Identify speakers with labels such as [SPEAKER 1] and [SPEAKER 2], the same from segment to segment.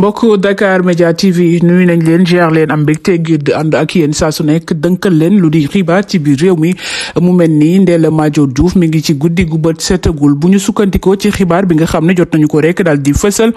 [SPEAKER 1] mbokk Dakar Media TV nuyu nañ leen gérer leen am mbekk ngir di ànd ak yéen saa su nekk dënkal leen lu di xibaar ci biir réew mi mu mel ni Ndella Madior Diouf mi ngi ci guddi gu bët setagul bu ñu sukkandikoo ci xibaar bi nga xam ne jot nañu ko rek daal di fësal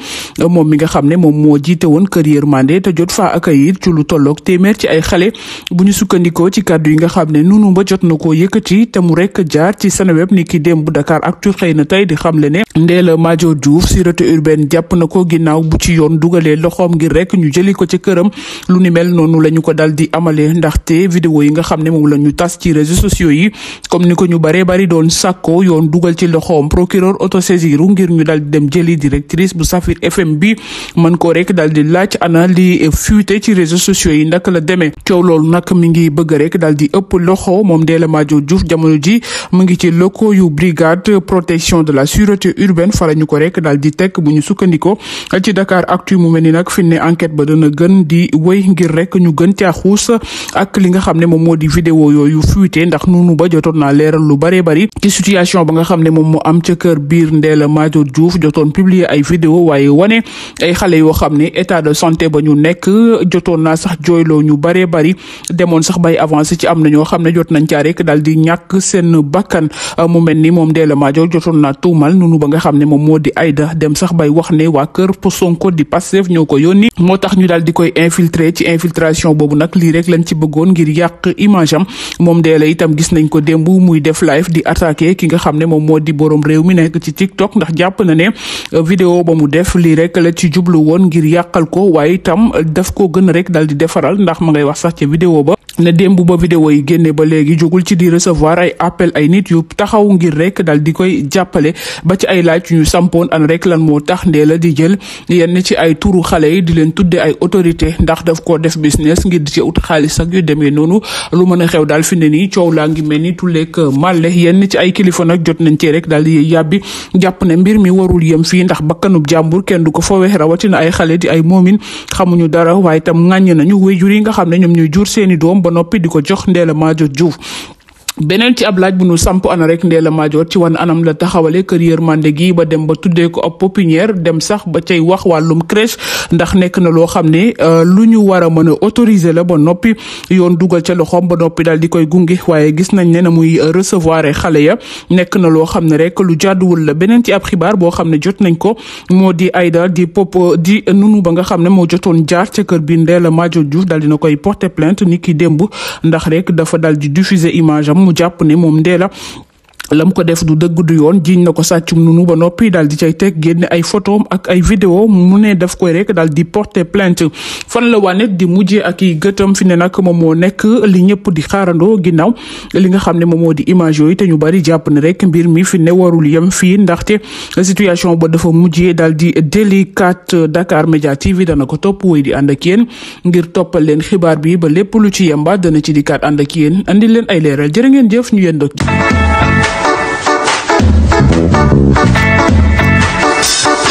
[SPEAKER 1] moom mi nga xam ne moom moo jiite woon kër yërmande te jot faa accueillir ci lu tolloog téeméer ci ay xale bu ñu sukkandikoo ci kàddu yi nga xam ne nunu ba jot na koo yëkkati te mu rek jaar ci Seneweb ni ki démb Dakar Actu xëy na tey di xamle ne Ndella Madior Diouf sûreté urbaine jàpp na ko ginnaaw bu ci yoon dugalee loxoom ngir rek ñu jëli ko ci këram lu ni mel noonu la ñu ko dal di amalee ndaxte vidéo yi nga xam ne moom la ñu tas ci réseaux sociaux yi comme ni ko ñu baree bari doon sàkko yoon dugal ci loxoom procureur autosaisiru ngir ñu dal di dem jëli directrice bu Safir FM bi mën ko rek dal di laaj ana li fuité ci réseaux sociaux yi naka la demee coow loolu nag mi ngi bëgg rek dal di ëpp loxo moom Ndella Madior Diouf jamono ji mu ngi ci loco yu brigade protection de la sûreté urbaine fa ñu ko rek dal di teg bu ñu sukkandikoo mu mel ni nag fi ne enquête ba dana gën di wéy ngir rek ñu gën caa xuus ak li nga xam ne moom moo di vidéo yooyu fuité ndax nunu ba jotoon naa leeral lu bëree bëri ci situation ba nga xam ne moom moo am ca kër biir Ndella Madior Diouf jotoon publier ay vidéo waaye wane ay xale yoo xam ne état de santé ba ñu nekk jotoon naa sax jooyloo ñu bëree bëri demoon sax bay avancé ci am na ñoo xam ne jot nañ caa rek daal di ñàkk seen bakkan mu mel ni moom Ndella Madior jotoon naa tuumal nunu ba nga xam ne moom moo di Aïda dem sax bay wax ne waa kër Sonko di pas Pastef ñoo ko yónni moo tax ñu daal di koy infiltrer ci infiltration boobu nag lii rek lañ ci bëggoon ngir yàq image am moom deela itam gis nañ ko mbu muy def live di attaquer ki nga xam ne moom moo di borom réew mi nekk ci TikTok ndax jàpp na ne euh, vidéo ba mu def lii rek la ci jublu woon ngir yàqal ko waaye itam def ko gën rek daal di defaral ndax ma ngay wax sax ca vidéo ba ne démb ba vidéo yi génne ba léegi jógul ci di recevoir ay appel ay nit yu taxaw ngir rek dal di koy jàppale ba ci ay laaj yu ñu sampoon an rek lan moo tax ndee la di jël yenn ci ay turu xale yi di leen tudde ay autorité ndax def ko def business ngir di ci ut xaalis ak yu demee noonu lu mën a xew daal fi ne nii coow laa ngi mel ni tulleeg màlle yenn ci ay kilifa nag jot nañ ci rek daal di yàbbi jàpp ne mbir mi warul yem fii ndax bakkanub jàmbur kenn du ko fowe rawatina ay xale di ay moomin xamuñu dara waaye tam ŋàññ nañu wéjur yi nga xam ne ñoom ñuy jur seeni doom ba noppi di ko jox Ndella Madior Diouf beneen ci ab laaj bu nu samp ana rek Ndella Madior ci wan anam la taxawale kër yërmande gi ba dem ba tuddee ko ab pépinière dem sax ba cay wax wàllum crèche ndax nekk na loo xam ne euh, lu ñu war a mën a autoriser la ba noppi yoon dugal ca loxoom ba noppi daal di koy gunge waaye gis nañ ne muy recevoir xale ya nekk na loo xam ne rek lu jàdduwul la beneen ci ab xibaar boo xam ne jot nañ ko moo di Aïda di pop euh, di nu ba nga xam ne moo jotoon jaar ca kër bi ndeela Madior Diouf daal dina koy porter plainte ni ki démb ndax rek dafa daal di diffuser image am mu jàpp ni moom dee la lam ko def du dëgg du yoon jiiñ na ko sàccum nunu ba noppi daal di cay teg génne ay photom ak ay vidéo mu ne def koy rek dal di porter plainte fan la wanet di mujjee ak i gëtam fi ne nag moom moo nekk li ñëpp di xaarandoo ginnaaw li nga xam ne moom moo di image yooyu te ñu bari jàpp ne rek mbir mi fi ne warul yem fii ndaxte situation ba dafa mujjee daal di délicate Dakar Media TV dana ko topp woy di ànd ak yéen ngir toppal leen xibaar bi ba lépp lu ci yemba dana ci dikkaat ànd ak yéen andi leen ay leeral jërë ngeen jëf ñu yëndoog Thank you.